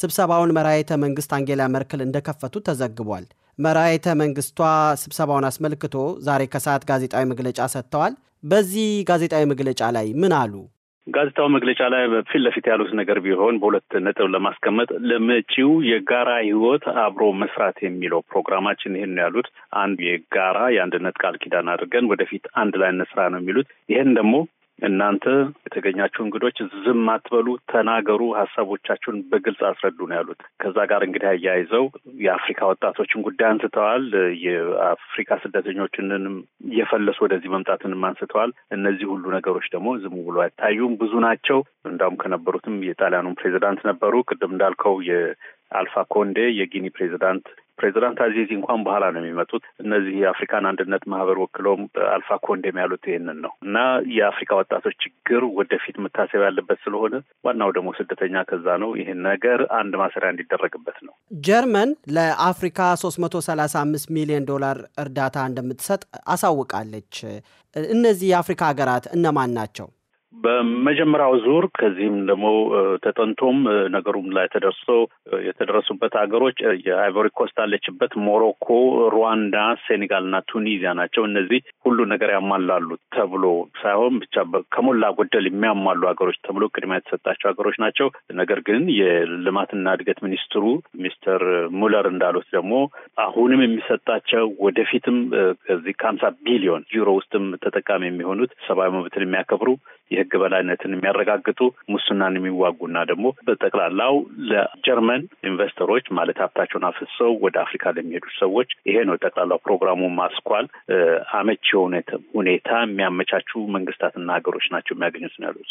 ስብሰባውን መራየተ መንግስት አንጌላ መርክል እንደከፈቱ ተዘግቧል። መራየተ መንግስቷ ስብሰባውን አስመልክቶ ዛሬ ከሰዓት ጋዜጣዊ መግለጫ ሰጥተዋል። በዚህ ጋዜጣዊ መግለጫ ላይ ምን አሉ? ጋዜጣው መግለጫ ላይ ፊት ለፊት ያሉት ነገር ቢሆን በሁለት ነጥብ ለማስቀመጥ ለመጪው የጋራ ህይወት አብሮ መስራት የሚለው ፕሮግራማችን ይህን ነው ያሉት። አንዱ የጋራ የአንድነት ቃል ኪዳን አድርገን ወደፊት አንድ ላይ እንስራ ነው የሚሉት። ይህን ደግሞ እናንተ የተገኛችሁ እንግዶች ዝም አትበሉ፣ ተናገሩ፣ ሀሳቦቻችሁን በግልጽ አስረዱ ነው ያሉት። ከዛ ጋር እንግዲህ አያይዘው የአፍሪካ ወጣቶችን ጉዳይ አንስተዋል። የአፍሪካ ስደተኞችንንም እየፈለሱ ወደዚህ መምጣትንም አንስተዋል። እነዚህ ሁሉ ነገሮች ደግሞ ዝም ብሎ አይታዩም፣ ብዙ ናቸው። እንዳውም ከነበሩትም የጣሊያኑን ፕሬዚዳንት ነበሩ። ቅድም እንዳልከው የአልፋ ኮንዴ የጊኒ ፕሬዚዳንት ፕሬዚዳንት አዚዚ እንኳን በኋላ ነው የሚመጡት። እነዚህ የአፍሪካን አንድነት ማህበር ወክለውም አልፋ ኮንዴም ያሉት ይህንን ነው እና የአፍሪካ ወጣቶች ችግር ወደፊት መታሰብ ያለበት ስለሆነ ዋናው ደግሞ ስደተኛ ከዛ ነው። ይህን ነገር አንድ ማሰሪያ እንዲደረግበት ነው። ጀርመን ለአፍሪካ ሶስት መቶ ሰላሳ አምስት ሚሊዮን ዶላር እርዳታ እንደምትሰጥ አሳውቃለች። እነዚህ የአፍሪካ ሀገራት እነማን ናቸው? በመጀመሪያው ዙር ከዚህም ደግሞ ተጠንቶም ነገሩም ላይ ተደርሶ የተደረሱበት ሀገሮች የአይቮሪ ኮስት አለችበት፣ ሞሮኮ፣ ሩዋንዳ፣ ሴኔጋል እና ቱኒዚያ ናቸው። እነዚህ ሁሉ ነገር ያሟላሉ ተብሎ ሳይሆን ብቻ ከሞላ ጎደል የሚያሟሉ ሀገሮች ተብሎ ቅድሚያ የተሰጣቸው ሀገሮች ናቸው። ነገር ግን የልማትና እድገት ሚኒስትሩ ሚስተር ሙለር እንዳሉት ደግሞ አሁንም የሚሰጣቸው ወደፊትም ከዚህ ከሀምሳ ቢሊዮን ዩሮ ውስጥም ተጠቃሚ የሚሆኑት ሰብአዊ መብትን የሚያከብሩ የህግ በላይነትን የሚያረጋግጡ ሙስናን የሚዋጉና ደግሞ በጠቅላላው ለጀርመን ኢንቨስተሮች ማለት ሀብታቸውን አፍሰው ወደ አፍሪካ ለሚሄዱ ሰዎች ይሄ ነው ጠቅላላው ፕሮግራሙ ማስኳል አመቺ የሆነ ሁኔታ የሚያመቻቹ መንግስታትና ሀገሮች ናቸው የሚያገኙት ነው ያሉት።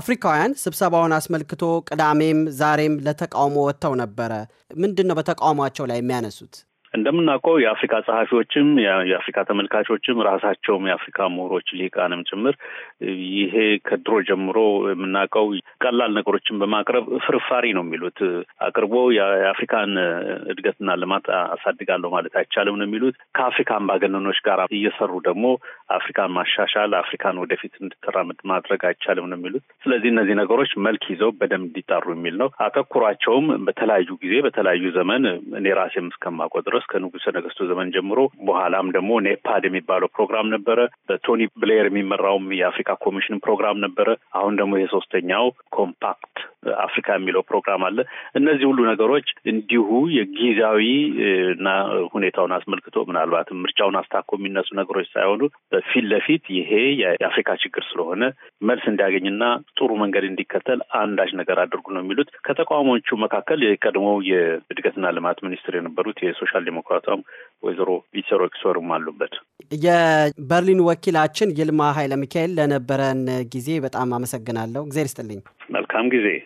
አፍሪካውያን ስብሰባውን አስመልክቶ ቅዳሜም ዛሬም ለተቃውሞ ወጥተው ነበረ። ምንድን ነው በተቃውሟቸው ላይ የሚያነሱት? እንደምናውቀው የአፍሪካ ጸሐፊዎችም የአፍሪካ ተመልካቾችም ራሳቸውም የአፍሪካ ምሁሮች ሊቃንም ጭምር ይሄ ከድሮ ጀምሮ የምናውቀው ቀላል ነገሮችን በማቅረብ ፍርፋሪ ነው የሚሉት አቅርቦ የአፍሪካን እድገትና ልማት አሳድጋለሁ ማለት አይቻልም ነው የሚሉት። ከአፍሪካ አምባገነኖች ጋር እየሰሩ ደግሞ አፍሪካን ማሻሻል፣ አፍሪካን ወደፊት እንድትራምድ ማድረግ አይቻልም ነው የሚሉት። ስለዚህ እነዚህ ነገሮች መልክ ይዘው በደንብ እንዲጣሩ የሚል ነው። አተኩሯቸውም በተለያዩ ጊዜ በተለያዩ ዘመን እኔ ራሴም እስከማውቀው ድረስ እስከ ንጉሰ ነገስቱ ዘመን ጀምሮ በኋላም ደግሞ ኔፓድ የሚባለው ፕሮግራም ነበረ። በቶኒ ብሌየር የሚመራውም የአፍሪካ ኮሚሽን ፕሮግራም ነበረ። አሁን ደግሞ የሶስተኛው ኮምፓክት አፍሪካ የሚለው ፕሮግራም አለ። እነዚህ ሁሉ ነገሮች እንዲሁ የጊዜያዊ እና ሁኔታውን አስመልክቶ ምናልባትም ምርጫውን አስታኮ የሚነሱ ነገሮች ሳይሆኑ በፊት ለፊት ይሄ የአፍሪካ ችግር ስለሆነ መልስ እንዲያገኝና ጥሩ መንገድ እንዲከተል አንዳች ነገር አድርጉ ነው የሚሉት። ከተቃዋሚዎቹ መካከል የቀድሞው የእድገትና ልማት ሚኒስትር የነበሩት የሶሻል ዴሞክራቷም ወይዘሮ ቪትሰሮ ኪሶርም አሉበት። የበርሊን ወኪላችን ይልማ ኃይለ ሚካኤል ለነበረን ጊዜ በጣም አመሰግናለሁ። እግዜር ይስጥልኝ። መልካም ጊዜ